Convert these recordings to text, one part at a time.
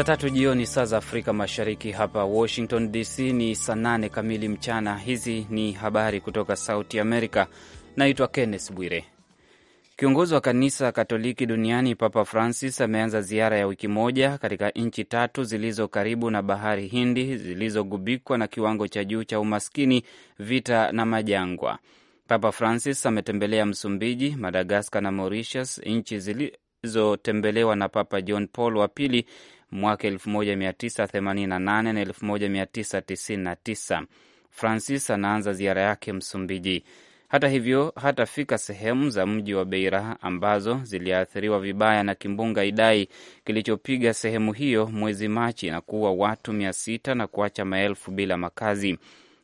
Saa tatu jioni saa za Afrika Mashariki. Hapa Washington DC ni saa nane kamili mchana. Hizi ni habari kutoka Sauti Amerika. Naitwa Kenneth Bwire. Kiongozi wa kanisa Katoliki duniani Papa Francis ameanza ziara ya wiki moja katika nchi tatu zilizo karibu na bahari Hindi zilizogubikwa na kiwango cha juu cha umaskini, vita na majangwa. Papa Francis ametembelea Msumbiji, Madagaskar na Mauritius, nchi zilizotembelewa na Papa John Paul wa Pili mwaka 1988 na 1999. Francis anaanza ziara yake Msumbiji. Hata hivyo, hatafika sehemu za mji wa Beira ambazo ziliathiriwa vibaya na kimbunga Idai kilichopiga sehemu hiyo mwezi Machi na kuua watu 6 na kuacha maelfu bila makazi.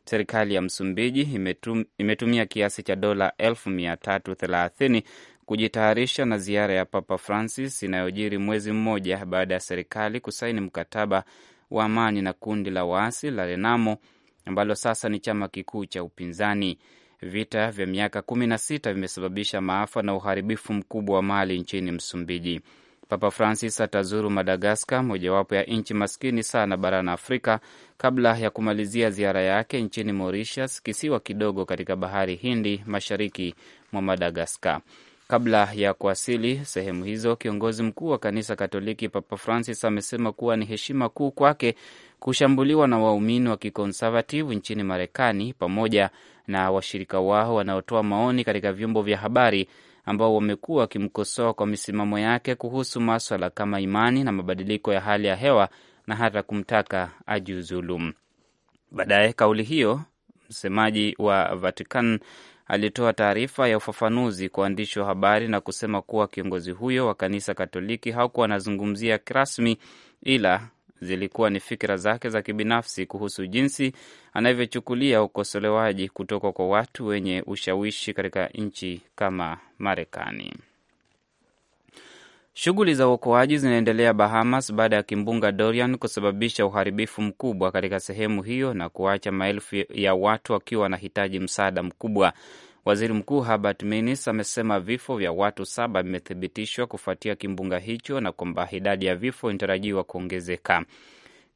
Serikali ya Msumbiji imetum, imetumia kiasi cha dola elfu mia tatu thelathini kujitayarisha na ziara ya Papa Francis inayojiri mwezi mmoja baada ya serikali kusaini mkataba wa amani na kundi la waasi la Renamo ambalo sasa ni chama kikuu cha upinzani. Vita vya miaka kumi na sita vimesababisha maafa na uharibifu mkubwa wa mali nchini Msumbiji. Papa Francis atazuru Madagaskar, mojawapo ya nchi maskini sana barani Afrika, kabla ya kumalizia ziara yake nchini Mauritius, kisiwa kidogo katika bahari Hindi, mashariki mwa Madagaskar. Kabla ya kuwasili sehemu hizo, kiongozi mkuu wa kanisa Katoliki Papa Francis amesema kuwa ni heshima kuu kwake kushambuliwa na waumini wa kikonservative nchini Marekani pamoja na washirika wao wanaotoa maoni katika vyombo vya habari ambao wamekuwa wakimkosoa kwa misimamo yake kuhusu maswala kama imani na mabadiliko ya hali ya hewa na hata kumtaka ajiuzulu. Baadaye kauli hiyo msemaji wa Vatican alitoa taarifa ya ufafanuzi kwa waandishi wa habari na kusema kuwa kiongozi huyo wa kanisa Katoliki hakuwa anazungumzia rasmi, ila zilikuwa ni fikira zake za kibinafsi kuhusu jinsi anavyochukulia ukosolewaji kutoka kwa watu wenye ushawishi katika nchi kama Marekani. Shughuli za uokoaji zinaendelea Bahamas baada ya kimbunga Dorian kusababisha uharibifu mkubwa katika sehemu hiyo na kuacha maelfu ya watu wakiwa wanahitaji msaada mkubwa. Waziri Mkuu Herbert Minnis amesema vifo vya watu saba vimethibitishwa kufuatia kimbunga hicho na kwamba idadi ya vifo inatarajiwa kuongezeka.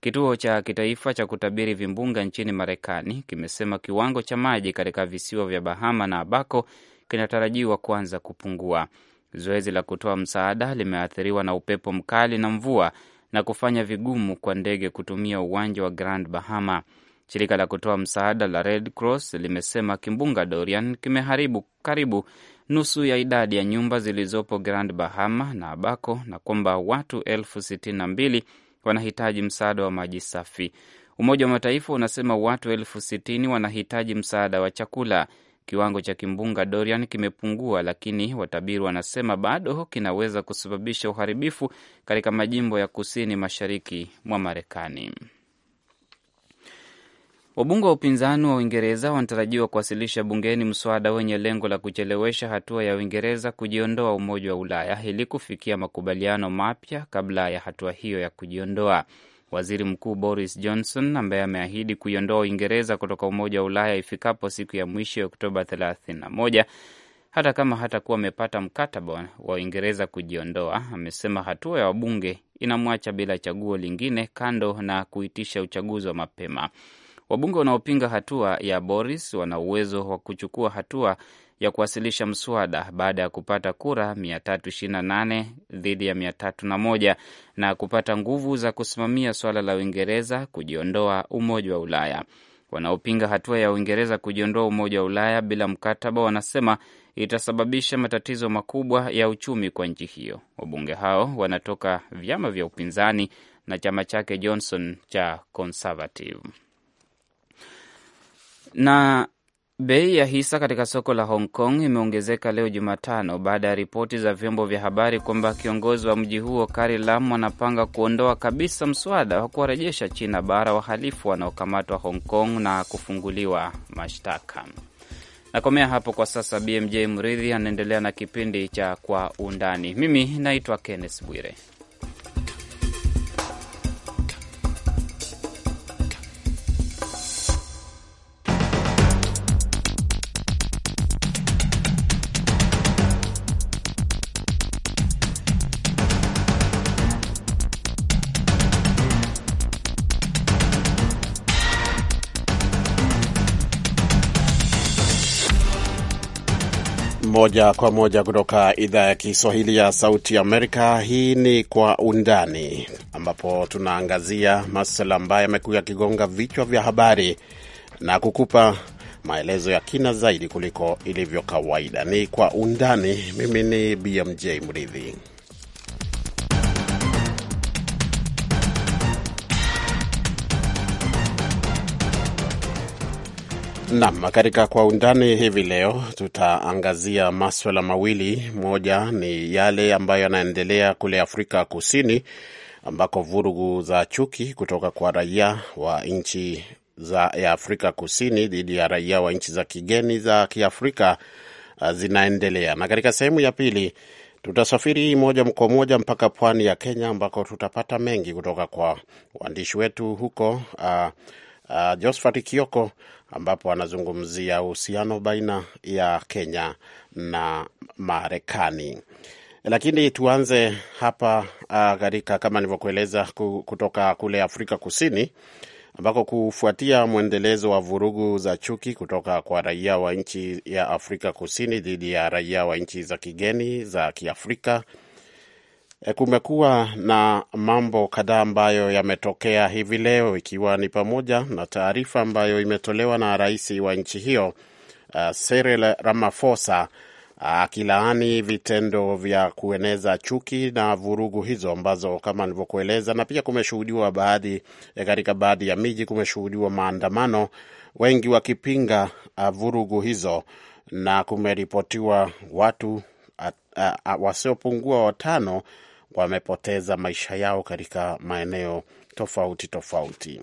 Kituo cha kitaifa cha kutabiri vimbunga nchini Marekani kimesema kiwango cha maji katika visiwa vya Bahama na Abaco kinatarajiwa kuanza kupungua. Zoezi la kutoa msaada limeathiriwa na upepo mkali na mvua na kufanya vigumu kwa ndege kutumia uwanja wa Grand Bahama. Shirika la kutoa msaada la Red Cross limesema kimbunga Dorian kimeharibu karibu nusu ya idadi ya nyumba zilizopo Grand Bahama na Abaco na kwamba watu elfu sitini na mbili wanahitaji msaada wa maji safi. Umoja wa Mataifa unasema watu elfu sitini wanahitaji msaada wa chakula. Kiwango cha kimbunga Dorian kimepungua, lakini watabiri wanasema bado kinaweza kusababisha uharibifu katika majimbo ya kusini mashariki mwa Marekani. Wabunge wa upinzani wa Uingereza wanatarajiwa kuwasilisha bungeni mswada wenye lengo la kuchelewesha hatua ya Uingereza kujiondoa Umoja wa Ulaya ili kufikia makubaliano mapya kabla ya hatua hiyo ya kujiondoa. Waziri Mkuu Boris Johnson ambaye ameahidi kuiondoa Uingereza kutoka Umoja wa Ulaya ifikapo siku ya mwisho ya Oktoba 31 hata kama hatakuwa amepata mkataba wa Uingereza kujiondoa, amesema hatua ya wabunge inamwacha bila chaguo lingine kando na kuitisha uchaguzi wa mapema. Wabunge wanaopinga hatua ya Boris wana uwezo wa kuchukua hatua ya kuwasilisha mswada baada ya kupata kura 328 dhidi ya 301 na kupata nguvu za kusimamia suala la Uingereza kujiondoa Umoja wa Ulaya. Wanaopinga hatua ya Uingereza kujiondoa Umoja wa Ulaya bila mkataba wanasema itasababisha matatizo makubwa ya uchumi kwa nchi hiyo. Wabunge hao wanatoka vyama vya upinzani na chama chake Johnson cha Conservative na Bei ya hisa katika soko la Hong Kong imeongezeka leo Jumatano baada ya ripoti za vyombo vya habari kwamba kiongozi wa mji huo Carrie Lam anapanga kuondoa kabisa mswada wa kuwarejesha China bara wahalifu wanaokamatwa Hong Kong na kufunguliwa mashtaka. Nakomea hapo kwa sasa. BMJ Mridhi anaendelea na kipindi cha Kwa Undani. Mimi naitwa Kenneth Bwire. moja kwa moja kutoka idhaa ya Kiswahili ya Sauti Amerika. Hii ni Kwa Undani, ambapo tunaangazia masuala ambayo yamekuwa yakigonga vichwa vya habari na kukupa maelezo ya kina zaidi kuliko ilivyo kawaida. Ni Kwa Undani. Mimi ni BMJ Mridhi. Nam, katika kwa undani hivi leo tutaangazia maswala mawili. Moja ni yale ambayo yanaendelea kule Afrika Kusini ambako vurugu za chuki kutoka kwa raia wa nchi ya Afrika Kusini dhidi ya raia wa nchi za kigeni za Kiafrika uh, zinaendelea, na katika sehemu ya pili tutasafiri moja kwa moja mpaka pwani ya Kenya ambako tutapata mengi kutoka kwa waandishi wetu huko uh, uh, Josphat Kioko ambapo anazungumzia uhusiano baina ya Kenya na Marekani. Lakini tuanze hapa uh, katika uh, kama nilivyokueleza kutoka kule Afrika Kusini ambako kufuatia mwendelezo wa vurugu za chuki kutoka kwa raia wa nchi ya Afrika Kusini dhidi ya raia wa nchi za kigeni za Kiafrika Eh, kumekuwa na mambo kadhaa ambayo yametokea hivi leo, ikiwa ni pamoja na taarifa ambayo imetolewa na rais wa nchi hiyo eh, Cyril uh, Ramaphosa akilaani uh, vitendo vya kueneza chuki na vurugu hizo ambazo kama nilivyokueleza, na pia kumeshuhudiwa baadhi eh, katika baadhi ya miji kumeshuhudiwa maandamano, wengi wakipinga uh, vurugu hizo, na kumeripotiwa watu wasiopungua watano wamepoteza maisha yao katika maeneo tofauti tofauti.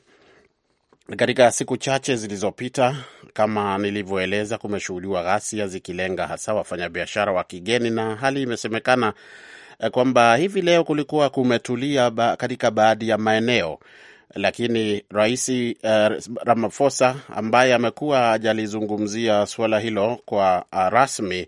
Katika siku chache zilizopita, kama nilivyoeleza, kumeshuhudiwa ghasia zikilenga hasa wafanyabiashara wa kigeni, na hali imesemekana eh, kwamba hivi leo kulikuwa kumetulia ba, katika baadhi ya maeneo, lakini Rais uh, Ramaphosa ambaye amekuwa hajalizungumzia suala hilo kwa uh, rasmi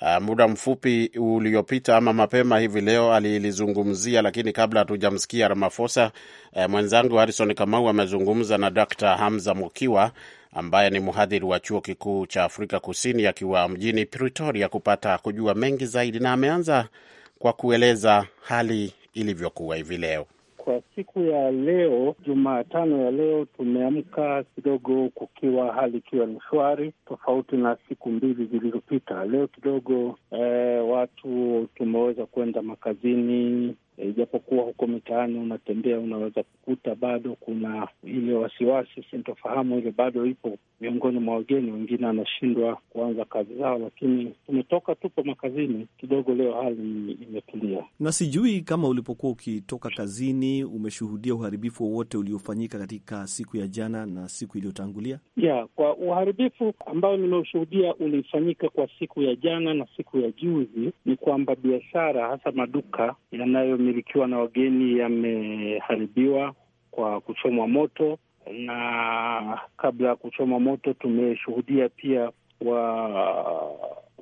uh, muda mfupi uliopita ama mapema hivi leo alilizungumzia, lakini kabla hatujamsikia ramafosa uh, eh, mwenzangu harison Kamau amezungumza na Dr. Hamza Mukiwa ambaye ni mhadhiri wa chuo kikuu cha Afrika Kusini akiwa mjini Pretoria kupata kujua mengi zaidi, na ameanza kwa kueleza hali ilivyokuwa hivi leo kwa siku ya leo, Jumatano ya leo, tumeamka kidogo kukiwa hali ikiwa ni shwari, tofauti na siku mbili zilizopita. Leo kidogo eh, watu tumeweza kwenda makazini E, ijapokuwa e, huko mitaani unatembea, unaweza kukuta bado kuna ile wasiwasi, sintofahamu ile bado ipo miongoni mwa wageni. Wengine anashindwa kuanza kazi zao, lakini tumetoka, tupo makazini kidogo, leo hali imetulia. Na sijui kama ulipokuwa ukitoka kazini umeshuhudia uharibifu wowote uliofanyika katika siku ya jana na siku iliyotangulia? Yeah, kwa uharibifu ambayo nimeushuhudia ulifanyika kwa siku ya jana na siku ya juzi ni kwamba biashara hasa maduka yanayo yanayomilikiwa na wageni yameharibiwa kwa kuchomwa moto, na kabla ya kuchomwa moto tumeshuhudia pia wa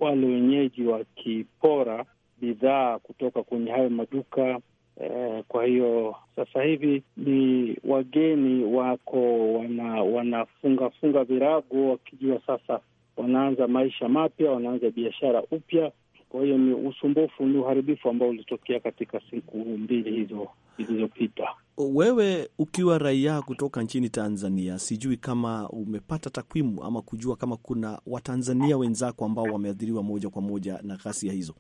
wale wenyeji wakipora bidhaa kutoka kwenye hayo maduka. Eh, kwa hiyo sasa hivi ni wageni wako wana wanafungafunga virago wakijua sasa wanaanza maisha mapya, wanaanza biashara upya, kwa hiyo ni usumbufu, ni uharibifu ambao ulitokea katika siku mbili hizo zilizopita. Wewe ukiwa raia kutoka nchini Tanzania, sijui kama umepata takwimu ama kujua kama kuna Watanzania wenzako ambao wameathiriwa moja kwa moja na ghasia hizo?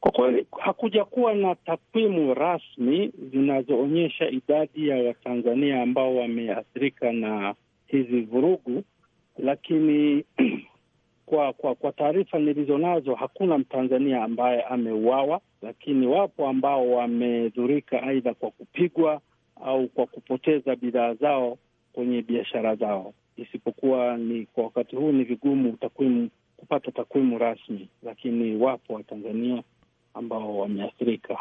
Kwa kweli hakuja kuwa na takwimu rasmi zinazoonyesha idadi ya Watanzania ambao wameathirika na hizi vurugu, lakini kwa kwa, kwa taarifa nazo hakuna Mtanzania ambaye ameuawa, lakini wapo ambao wamedhurika aidha kwa kupigwa au kwa kupoteza bidhaa zao kwenye biashara zao, isipokuwa ni kwa wakati huu ni vigumu takwimu kupata takwimu rasmi, lakini wapo Watanzania ambao wameathirika.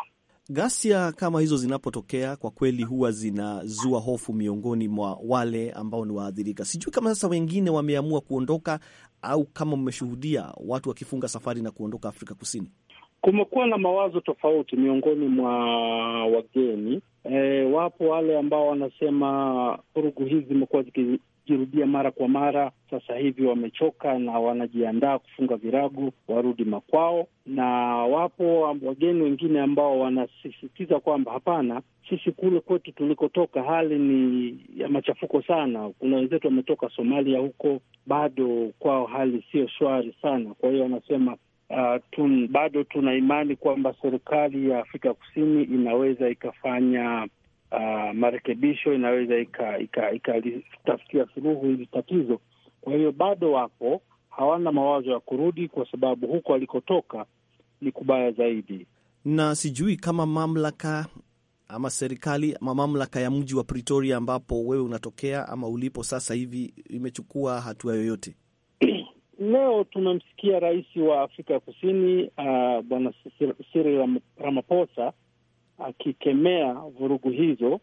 Ghasia kama hizo zinapotokea, kwa kweli huwa zinazua hofu miongoni mwa wale ambao ni waathirika. Sijui kama sasa wengine wameamua kuondoka au kama mmeshuhudia watu wakifunga safari na kuondoka Afrika Kusini? Kumekuwa na mawazo tofauti miongoni mwa wageni e, wapo wale ambao wanasema vurugu hizi zimekuwa ikirudia mara kwa mara. Sasa hivi wamechoka na wanajiandaa kufunga virago warudi makwao, na wapo wageni wengine ambao wanasisitiza kwamba hapana, sisi kule kwetu tulikotoka hali ni ya machafuko sana. Kuna wenzetu wametoka Somalia, huko bado kwao hali sio shwari sana. Kwa hiyo wanasema Uh, tun, bado tuna imani kwamba serikali ya Afrika Kusini inaweza ikafanya uh, marekebisho inaweza ika suluhu hili tatizo. Kwa hiyo bado wapo hawana mawazo ya kurudi, kwa sababu huko alikotoka ni kubaya zaidi, na sijui kama mamlaka ama serikali ama mamlaka ya mji wa Pretoria ambapo wewe unatokea ama ulipo sasa hivi imechukua hatua yoyote? Leo tumemsikia rais wa Afrika ya Kusini uh, bwana Cyril Ramaphosa akikemea vurugu hizo,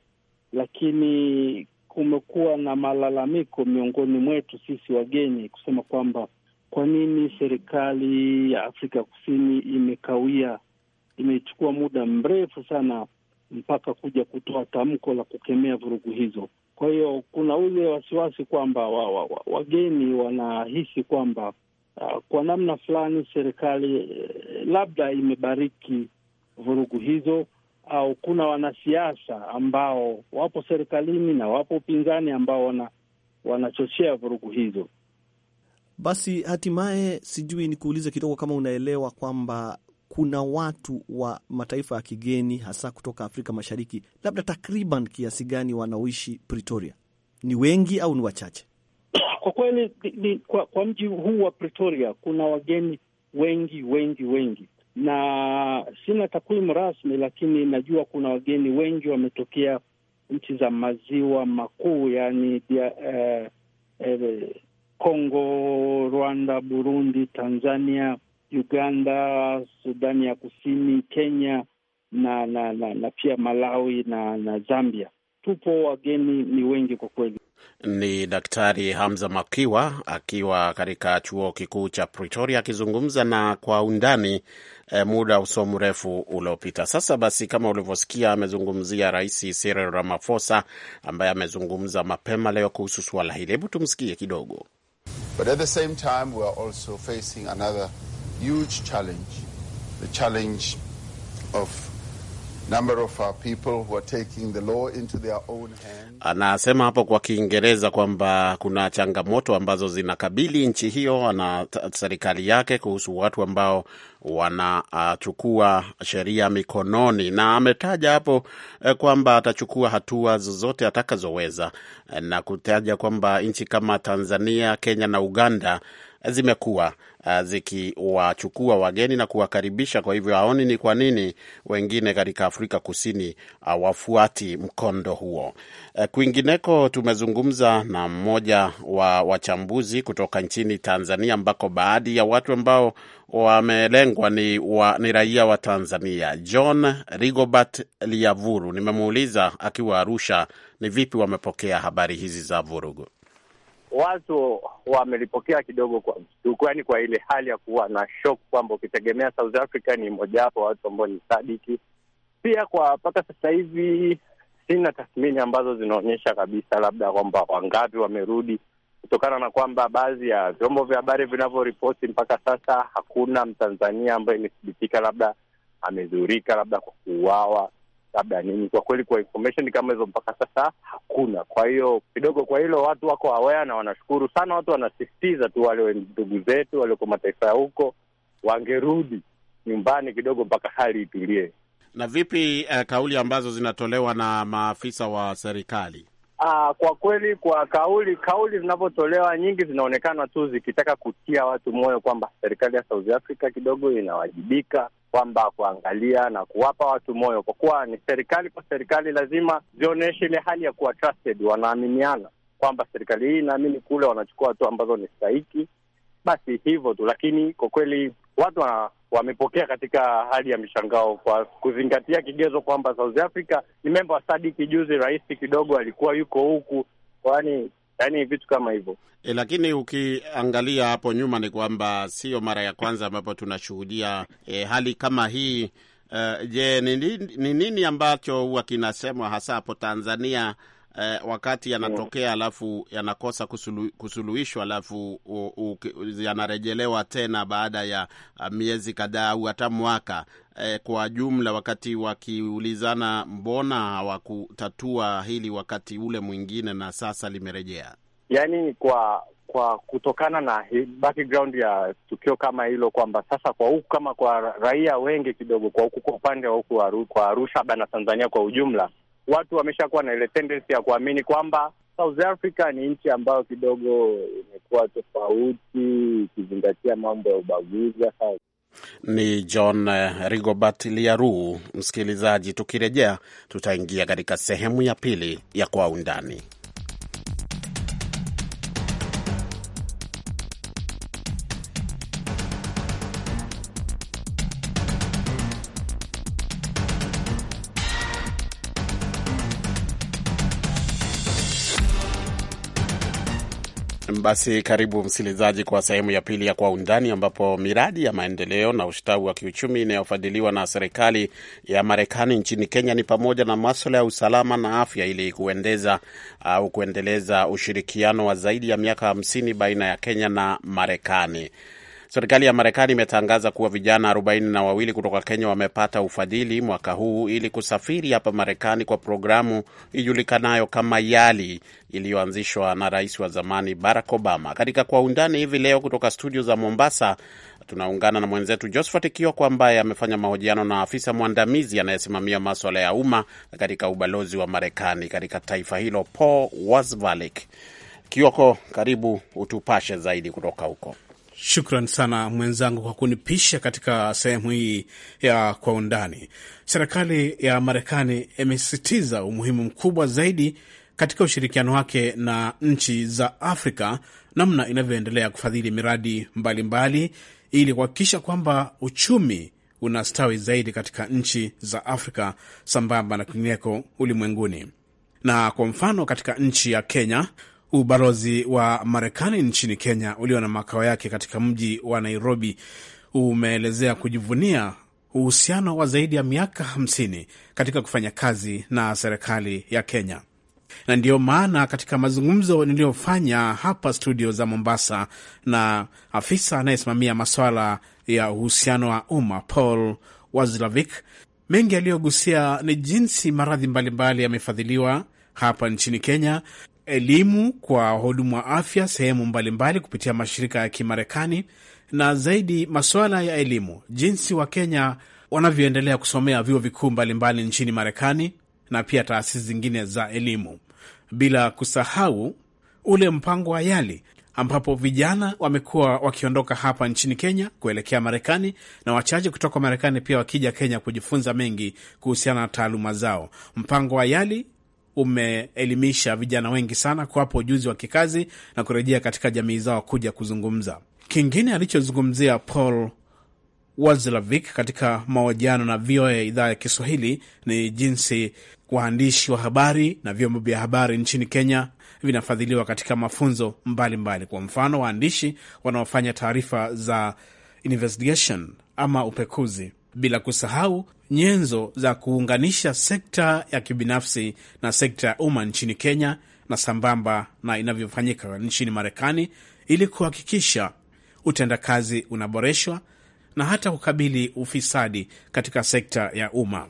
lakini kumekuwa na malalamiko miongoni mwetu sisi wageni kusema kwamba kwa nini serikali ya Afrika Kusini imekawia, imechukua muda mrefu sana mpaka kuja kutoa tamko la kukemea vurugu hizo. Kwa hiyo kuna ule wasiwasi kwamba wa, wa, wa, wageni wanahisi kwamba uh, kwa namna fulani serikali eh, labda imebariki vurugu hizo au kuna wanasiasa ambao wapo serikalini na wapo upinzani ambao wana, wanachochea vurugu hizo. Basi hatimaye, sijui nikuulize kidogo kama unaelewa kwamba kuna watu wa mataifa ya kigeni hasa kutoka Afrika Mashariki, labda takriban kiasi gani wanaoishi Pretoria? Ni wengi au ni wachache? Kwa kweli, kwa, kwa mji huu wa Pretoria kuna wageni wengi wengi wengi na sina takwimu rasmi, lakini najua kuna wageni wengi wametokea nchi za maziwa makuu, yaani eh, eh, Kongo, Rwanda, Burundi, Tanzania, Uganda, Sudani ya Kusini, Kenya na na, na, na pia Malawi na, na Zambia. Tupo, wageni ni wengi kwa kweli. Ni Daktari Hamza Makiwa akiwa katika chuo kikuu cha Pretoria akizungumza na kwa undani e, muda usio mrefu uliopita. Sasa basi, kama ulivyosikia, amezungumzia Rais Cyril Ramaphosa ambaye amezungumza mapema leo kuhusu suala hili. Hebu tumsikie kidogo. But at the same time we are also facing another huge challenge, the challenge of Uh, Anasema hapo kwa Kiingereza kwamba kuna changamoto ambazo zinakabili nchi hiyo na serikali yake kuhusu watu ambao wanachukua uh, sheria mikononi, na ametaja hapo eh, kwamba atachukua hatua zozote atakazoweza eh, na kutaja kwamba nchi kama Tanzania, Kenya na Uganda zimekuwa uh, zikiwachukua wageni na kuwakaribisha. Kwa hivyo haoni ni kwa nini wengine katika Afrika Kusini uh, wafuati mkondo huo. Uh, kwingineko, tumezungumza na mmoja wa wachambuzi kutoka nchini Tanzania ambako baadhi ya watu ambao wamelengwa ni, wa, ni raia wa Tanzania. John Rigobert Liavuru, nimemuuliza akiwa Arusha ni vipi wamepokea habari hizi za vurugu watu wamelipokea kidogo kwa mshtuko, yani kwa ile hali ya kuwa na shock kwamba ukitegemea South Africa ni mojawapo watu ambao ni sadiki. Pia kwa mpaka sasa hivi sina tathmini ambazo zinaonyesha kabisa labda kwamba wangapi wamerudi, kutokana na kwamba baadhi ya vyombo vya habari vinavyoripoti mpaka sasa hakuna Mtanzania ambaye imethibitika labda amedhurika labda kwa kuuawa labda nini. Kwa kweli kwa information kama hizo mpaka sasa hakuna. Kwa hiyo kidogo kwa hilo watu wako aware na wanashukuru sana. Watu wanasisitiza tu wale ndugu zetu walioko mataifa ya huko wangerudi nyumbani kidogo mpaka hali itulie. Na vipi uh, kauli ambazo zinatolewa na maafisa wa serikali? Aa, ah, kwa kweli kwa kauli kauli zinavyotolewa nyingi zinaonekana tu zikitaka kutia watu moyo kwamba serikali ya South Africa kidogo inawajibika, kwamba kuangalia na kuwapa watu moyo, kwa kuwa ni serikali kwa serikali, lazima zionyeshe ile hali ya kuwa trusted, wanaaminiana kwamba serikali hii inaamini kule, wanachukua hatua ambazo ni stahiki. Basi hivyo tu, lakini kwa kweli watu wana wamepokea katika hali ya mshangao kwa kuzingatia kigezo kwamba South Africa ni memba wa Sadiki. Juzi rais kidogo alikuwa yuko huku, kwani yaani vitu kama hivyo e. Lakini ukiangalia hapo nyuma ni kwamba sio mara ya kwanza ambapo tunashuhudia e, hali kama hii. Uh, je, ni nini ambacho huwa kinasemwa hasa hapo Tanzania eh, wakati yanatokea mm. alafu yanakosa kusulu, kusuluhishwa alafu yanarejelewa tena baada ya eh, miezi kadhaa au hata mwaka eh, kwa jumla, wakati wakiulizana mbona hawakutatua hili wakati ule mwingine na sasa limerejea, yani kwa kwa kutokana na background ya tukio kama hilo, kwamba sasa kwa huku kama kwa raia wengi kidogo, kwa huku kwa upande wa huku kwa Arusha, labda na Tanzania kwa ujumla, watu wameshakuwa na ile tendency ya kuamini kwamba South Africa ni nchi ambayo kidogo imekuwa tofauti ikizingatia mambo ya ubaguzi. Sasa ni John eh, Rigobert Liaru. Msikilizaji, tukirejea tutaingia katika sehemu ya pili ya kwa undani. Basi karibu msikilizaji, kwa sehemu ya pili ya Kwa Undani, ambapo miradi ya maendeleo na ustawi wa kiuchumi inayofadhiliwa na serikali ya Marekani nchini Kenya ni pamoja na maswala ya usalama na afya, ili kuendeza au kuendeleza ushirikiano wa zaidi ya miaka hamsini baina ya Kenya na Marekani. Serikali ya Marekani imetangaza kuwa vijana arobaini na wawili kutoka Kenya wamepata ufadhili mwaka huu ili kusafiri hapa Marekani kwa programu ijulikanayo kama YALI iliyoanzishwa na rais wa zamani Barack Obama. Katika Kwa Undani hivi leo kutoka studio za Mombasa, tunaungana na mwenzetu Josphat Kioko ambaye amefanya mahojiano na afisa mwandamizi anayesimamia maswala ya umma katika ubalozi wa Marekani katika taifa hilo, Paul Wasvalik. Kioko, karibu utupashe zaidi kutoka huko. Shukran sana mwenzangu kwa kunipisha katika sehemu hii ya kwa undani. Serikali ya Marekani imesisitiza umuhimu mkubwa zaidi katika ushirikiano wake na nchi za Afrika, namna inavyoendelea kufadhili miradi mbalimbali mbali, ili kuhakikisha kwamba uchumi unastawi zaidi katika nchi za Afrika sambamba na kwingineko ulimwenguni. Na kwa mfano katika nchi ya Kenya Ubalozi wa Marekani nchini Kenya ulio na makao yake katika mji wa Nairobi umeelezea kujivunia uhusiano wa zaidi ya miaka 50 katika kufanya kazi na serikali ya Kenya. Na ndiyo maana katika mazungumzo niliyofanya hapa studio za Mombasa na afisa anayesimamia masuala ya uhusiano wa umma Paul Wazlavik, mengi aliyogusia ni jinsi maradhi mbalimbali yamefadhiliwa hapa nchini Kenya elimu kwa wahudumu wa afya sehemu mbalimbali kupitia mashirika ya Kimarekani na zaidi masuala ya elimu, jinsi Wakenya wanavyoendelea kusomea vyuo vikuu mbalimbali nchini Marekani na pia taasisi zingine za elimu, bila kusahau ule mpango wa YALI ambapo vijana wamekuwa wakiondoka hapa nchini Kenya kuelekea Marekani na wachache kutoka Marekani pia wakija Kenya kujifunza mengi kuhusiana na taaluma zao. Mpango wa YALI umeelimisha vijana wengi sana, kuwapa ujuzi wa kikazi na kurejea katika jamii zao kuja kuzungumza. Kingine alichozungumzia Paul Wazlavik katika mahojiano na VOA idhaa ya Kiswahili ni jinsi waandishi wa habari na vyombo vya habari nchini Kenya vinafadhiliwa katika mafunzo mbalimbali mbali. Kwa mfano, waandishi wanaofanya taarifa za investigation ama upekuzi bila kusahau nyenzo za kuunganisha sekta ya kibinafsi na sekta ya umma nchini Kenya na sambamba na inavyofanyika nchini Marekani ili kuhakikisha utendakazi unaboreshwa na hata kukabili ufisadi katika sekta ya umma.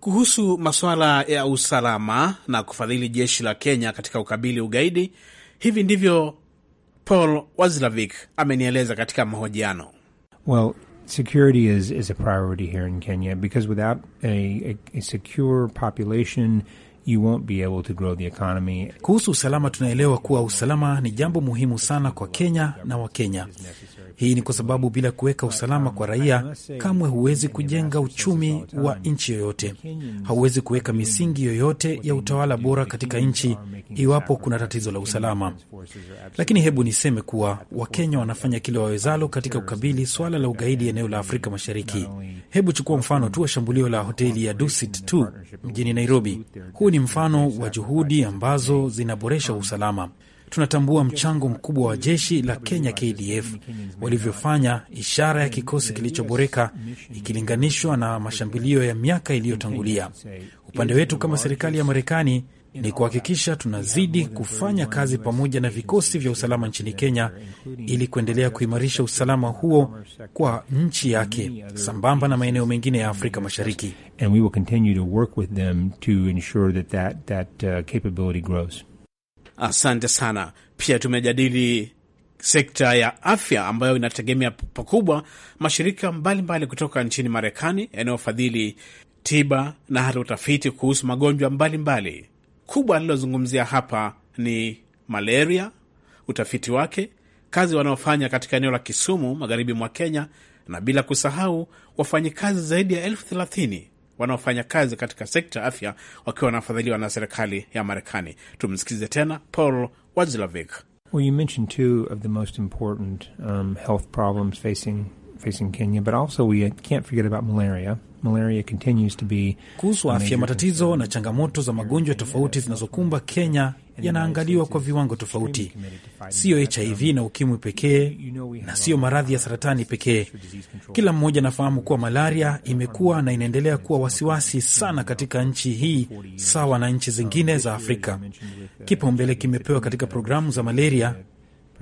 Kuhusu masuala ya usalama na kufadhili jeshi la Kenya katika ukabili ugaidi, hivi ndivyo Paul Wazlavik amenieleza katika mahojiano. Well, security is, is a priority here in Kenya because without a, a, a secure population you won't be able to grow the economy. Kuhusu usalama, tunaelewa kuwa usalama ni jambo muhimu sana kwa Kenya na Wakenya. Hii ni kwa sababu bila kuweka usalama kwa raia, kamwe huwezi kujenga uchumi wa nchi yoyote. Hauwezi kuweka misingi yoyote ya utawala bora katika nchi iwapo kuna tatizo la usalama. Lakini hebu niseme kuwa Wakenya wanafanya kile wawezalo katika kukabili swala la ugaidi eneo la Afrika Mashariki. Hebu chukua mfano tu wa shambulio la hoteli ya Dusit tu mjini Nairobi. Huu ni mfano wa juhudi ambazo zinaboresha usalama tunatambua mchango mkubwa wa jeshi la Kenya KDF walivyofanya, ishara ya kikosi kilichoboreka ikilinganishwa na mashambulio ya miaka iliyotangulia. Upande wetu kama serikali ya Marekani ni kuhakikisha tunazidi kufanya kazi pamoja na vikosi vya usalama nchini Kenya ili kuendelea kuimarisha usalama huo kwa nchi yake sambamba na maeneo mengine ya Afrika Mashariki. And we will continue to work with them to ensure that that, that, uh, capability grows. Asante sana. Pia tumejadili sekta ya afya ambayo inategemea pakubwa mashirika mbalimbali mbali kutoka nchini Marekani yanayofadhili tiba na hata utafiti kuhusu magonjwa mbalimbali mbali. Kubwa alilozungumzia hapa ni malaria, utafiti wake, kazi wanaofanya katika eneo la Kisumu magharibi mwa Kenya, na bila kusahau wafanyikazi zaidi ya elfu thelathini wanaofanya kazi katika sekta ya afya wakiwa wanafadhiliwa na serikali ya Marekani. Tumsikilize tena Paul Wazlavik. Well, you mentioned two of the most important um, health problems facing, facing Kenya, but also we can't forget about malaria malaria continues to be kuhusu afya. Matatizo na changamoto za magonjwa tofauti zinazokumba Kenya yanaangaliwa kwa viwango tofauti, siyo HIV um, na ukimwi pekee na siyo maradhi ya saratani pekee. Kila mmoja anafahamu kuwa malaria imekuwa na inaendelea kuwa wasiwasi sana katika nchi hii sawa na nchi zingine za Afrika. Uh, Kipaumbele kimepewa katika programu za malaria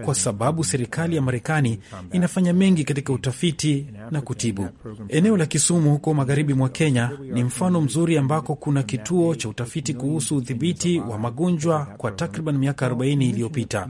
kwa sababu serikali ya Marekani inafanya mengi katika utafiti na kutibu. Eneo la Kisumu huko magharibi mwa Kenya ni mfano mzuri ambako kuna kituo cha utafiti kuhusu udhibiti wa magonjwa kwa takriban miaka 40 iliyopita.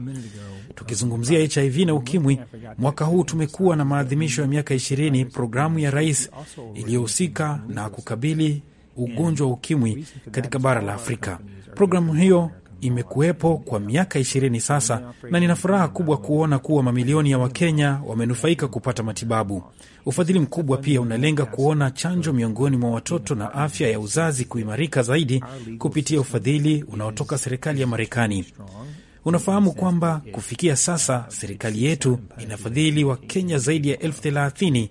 Tukizungumzia HIV na UKIMWI, mwaka huu tumekuwa na maadhimisho ya miaka 20 programu ya rais iliyohusika na kukabili ugonjwa wa UKIMWI katika bara la Afrika. Programu hiyo imekuwepo kwa miaka ishirini sasa, na nina furaha kubwa kuona kuwa mamilioni ya Wakenya wamenufaika kupata matibabu. Ufadhili mkubwa pia unalenga kuona chanjo miongoni mwa watoto na afya ya uzazi kuimarika zaidi kupitia ufadhili unaotoka serikali ya Marekani. Unafahamu kwamba kufikia sasa serikali yetu inafadhili Wakenya zaidi ya elfu thelathini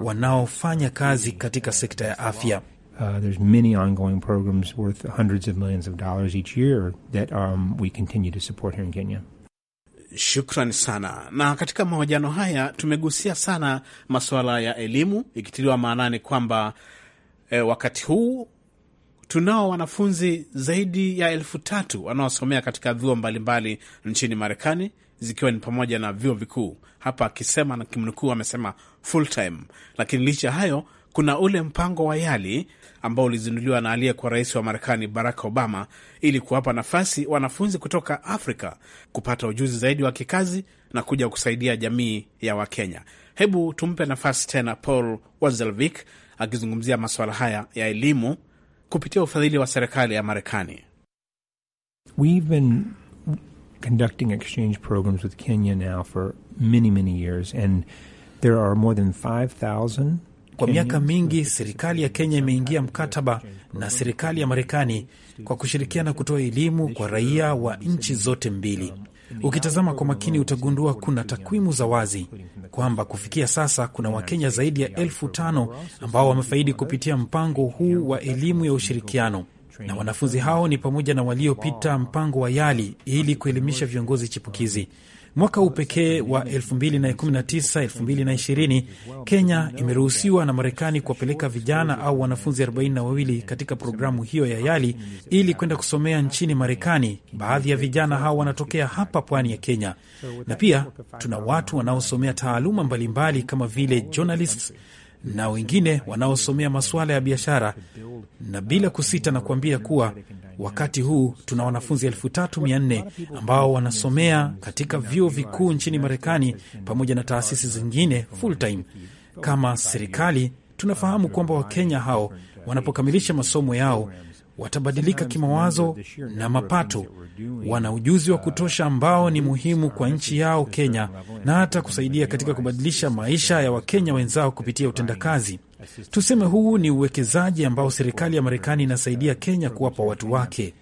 wanaofanya kazi katika sekta ya afya. Uh, there's many ongoing programs worth hundreds of millions of dollars each year that um, we continue to support here in Kenya. Shukrani sana. Na katika mahojiano haya tumegusia sana masuala ya elimu, ikitiliwa maanani kwamba e, wakati huu tunao wanafunzi zaidi ya elfu tatu wanaosomea katika vyuo mbalimbali nchini Marekani, zikiwa ni pamoja na vyuo vikuu. Hapa akisema na kimnukuu, amesema full time, lakini licha hayo kuna ule mpango wa YALI ambao ulizinduliwa na aliyekuwa rais wa Marekani Barack Obama ili kuwapa nafasi wanafunzi kutoka Afrika kupata ujuzi zaidi wa kikazi na kuja kusaidia jamii ya Wakenya. Hebu tumpe nafasi tena Paul Wazelvik akizungumzia masuala haya ya elimu kupitia ufadhili wa serikali ya Marekani. We've been conducting exchange programs with Kenya now for many, many years and there are more than 5,000 Kwa miaka mingi serikali ya Kenya imeingia mkataba na serikali ya Marekani kwa kushirikiana kutoa elimu kwa raia wa nchi zote mbili. Ukitazama kwa makini utagundua kuna takwimu za wazi kwamba kufikia sasa kuna Wakenya zaidi ya elfu tano ambao wamefaidi kupitia mpango huu wa elimu ya ushirikiano na wanafunzi hao ni pamoja na waliopita mpango wa YALI ili kuelimisha viongozi chipukizi. Mwaka huu pekee wa 2019 2020, Kenya imeruhusiwa na Marekani kuwapeleka vijana au wanafunzi 42 katika programu hiyo ya YALI ili kwenda kusomea nchini Marekani. Baadhi ya vijana hao wanatokea hapa pwani ya Kenya, na pia tuna watu wanaosomea taaluma mbalimbali mbali kama vile journalists na wengine wanaosomea masuala ya biashara, na bila kusita na kuambia kuwa wakati huu tuna wanafunzi 34 ambao wanasomea katika vyuo vikuu nchini Marekani pamoja na taasisi zingine full time. Kama serikali tunafahamu kwamba Wakenya hao wanapokamilisha masomo yao watabadilika kimawazo na mapato, wana ujuzi wa uh, kutosha ambao ni muhimu kwa nchi yao Kenya, na hata kusaidia katika kubadilisha maisha ya Wakenya wenzao uh, kupitia utendakazi. Tuseme huu ni uwekezaji ambao serikali ya Marekani uh, inasaidia Kenya kuwapa watu wake.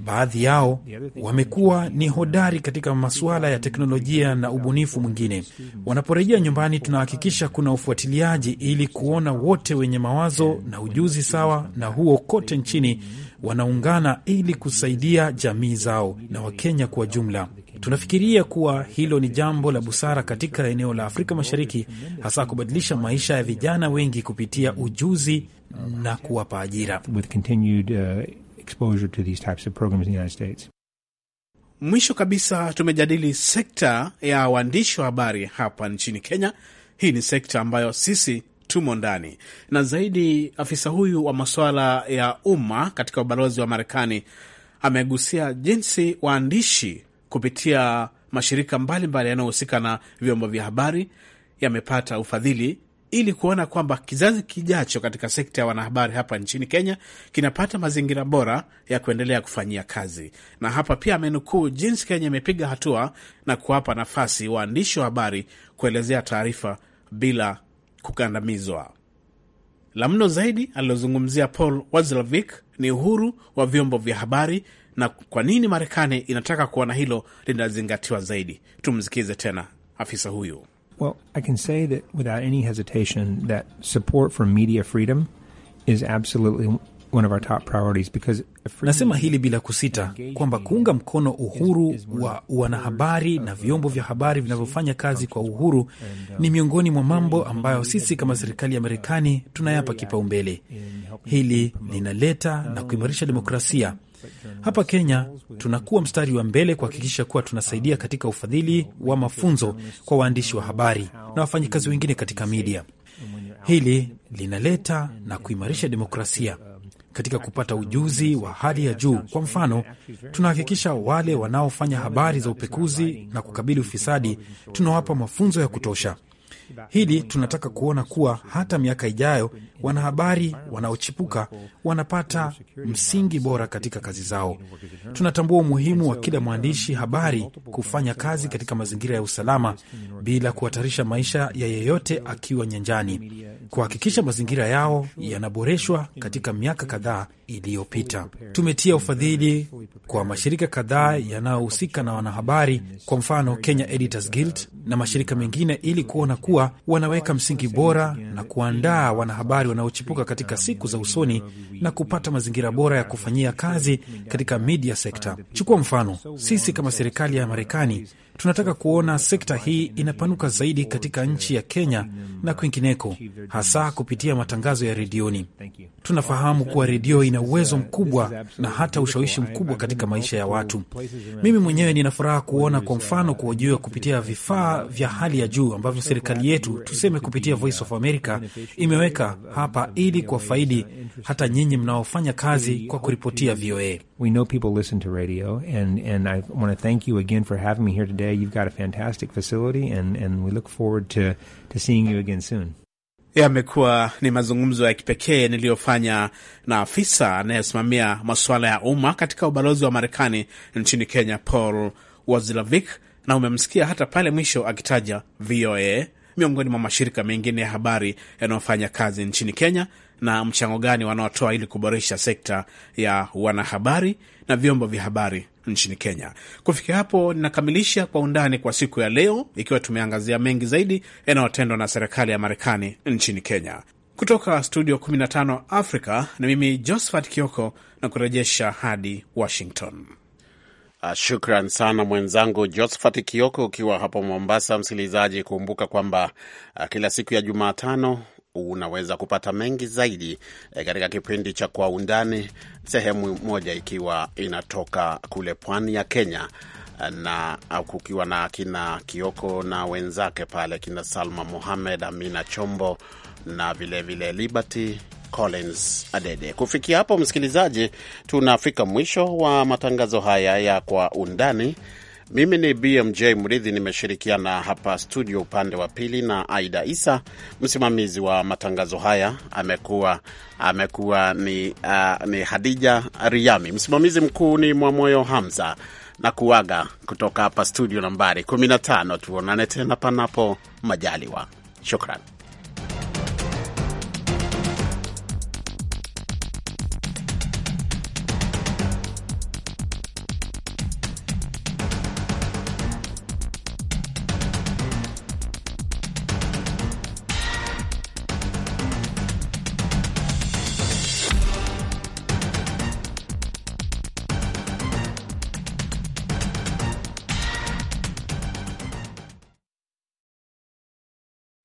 Baadhi yao wamekuwa ni hodari katika masuala ya teknolojia na ubunifu mwingine. Wanaporejea nyumbani, tunahakikisha kuna ufuatiliaji ili kuona wote wenye mawazo na ujuzi sawa na huo kote nchini wanaungana ili kusaidia jamii zao na Wakenya kwa jumla. Tunafikiria kuwa hilo ni jambo la busara katika eneo la Afrika Mashariki, hasa kubadilisha maisha ya vijana wengi kupitia ujuzi na kuwapa ajira. With continued, uh exposure to these types of programs in the United States. Mwisho kabisa tumejadili sekta ya waandishi wa habari hapa nchini Kenya. Hii ni sekta ambayo sisi tumo ndani na zaidi. Afisa huyu wa masuala ya umma katika ubalozi wa Marekani amegusia jinsi waandishi kupitia mashirika mbalimbali yanayohusika na vyombo vya habari yamepata ufadhili ili kuona kwamba kizazi kijacho katika sekta ya wanahabari hapa nchini Kenya kinapata mazingira bora ya kuendelea kufanyia kazi. Na hapa pia amenukuu jinsi Kenya imepiga hatua na kuwapa nafasi waandishi wa habari kuelezea taarifa bila kukandamizwa. La mno zaidi alilozungumzia Paul Wazlavik ni uhuru wa vyombo vya habari na kwa nini Marekani inataka kuona hilo linazingatiwa zaidi. Tumsikize tena afisa huyu. Well, I can say that without any hesitation that support for media freedom is absolutely one of our top priorities because... nasema hili bila kusita kwamba kuunga mkono uhuru wa wanahabari na vyombo vya habari vinavyofanya kazi kwa uhuru ni miongoni mwa mambo ambayo sisi kama serikali ya Marekani tunayapa kipaumbele. Hili linaleta na kuimarisha demokrasia. Hapa Kenya tunakuwa mstari wa mbele kuhakikisha kuwa tunasaidia katika ufadhili wa mafunzo kwa waandishi wa habari na wafanyikazi wengine katika midia. Hili linaleta na kuimarisha demokrasia katika kupata ujuzi wa hali ya juu. Kwa mfano, tunahakikisha wale wanaofanya habari za upekuzi na kukabili ufisadi tunawapa mafunzo ya kutosha. Hili tunataka kuona kuwa hata miaka ijayo wanahabari wanaochipuka wanapata msingi bora katika kazi zao. Tunatambua umuhimu wa kila mwandishi habari kufanya kazi katika mazingira ya usalama bila kuhatarisha maisha ya yeyote akiwa nyanjani kuhakikisha mazingira yao yanaboreshwa. Katika miaka kadhaa iliyopita, tumetia ufadhili kwa mashirika kadhaa yanayohusika na wanahabari, kwa mfano Kenya Editors Guild na mashirika mengine, ili kuona kuwa wanaweka msingi bora na kuandaa wanahabari wanaochipuka katika siku za usoni na kupata mazingira bora ya kufanyia kazi katika media sekta. Chukua mfano, sisi kama serikali ya Marekani Tunataka kuona sekta hii inapanuka zaidi katika nchi ya Kenya na kwingineko, hasa kupitia matangazo ya redioni. Tunafahamu kuwa redio ina uwezo mkubwa na hata ushawishi mkubwa katika maisha ya watu. Mimi mwenyewe nina furaha kuona kwa mfano kuhojiwa kupitia vifaa vya hali ya juu ambavyo serikali yetu, tuseme kupitia Voice of America, imeweka hapa ili faidi hata nyinyi mnaofanya kazi kwa kuripotia VOA. We know people listen to radio and, and I want to thank you again for having me here today today. You've got a fantastic facility, and, and we look forward to, to seeing you again soon. Yamekuwa ni mazungumzo ya kipekee niliyofanya na afisa anayesimamia masuala ya umma katika ubalozi wa Marekani nchini Kenya, Paul Wazilavik, na umemsikia hata pale mwisho akitaja VOA miongoni mwa mashirika mengine ya habari yanayofanya kazi nchini Kenya na mchango gani wanaotoa ili kuboresha sekta ya wanahabari na vyombo vya habari nchini Kenya. Kufikia hapo, ninakamilisha Kwa Undani kwa siku ya leo, ikiwa tumeangazia mengi zaidi yanayotendwa na serikali ya Marekani nchini Kenya. Kutoka studio 15 africa na mimi Josephat Kioko na kurejesha hadi Washington. Ah, shukran sana mwenzangu Josephat Kioko ukiwa hapo Mombasa. Msikilizaji, kumbuka kwamba ah, kila siku ya Jumatano unaweza kupata mengi zaidi eh, katika kipindi cha Kwa Undani, sehemu moja ikiwa inatoka kule pwani ya Kenya eh, na kukiwa na kina Kioko na wenzake pale, kina Salma muhamed Amina Chombo na vilevile vile Liberty Collins Adede. Kufikia hapo, msikilizaji, tunafika mwisho wa matangazo haya ya Kwa Undani mimi ni BMJ Mridhi, nimeshirikiana hapa studio upande wa pili na Aida Isa. Msimamizi wa matangazo haya amekuwa amekuwa ni, uh, ni Hadija Riami. Msimamizi mkuu ni Mwamoyo Hamza na kuaga kutoka hapa studio nambari 15. Tuonane tena panapo majaliwa. Shukran.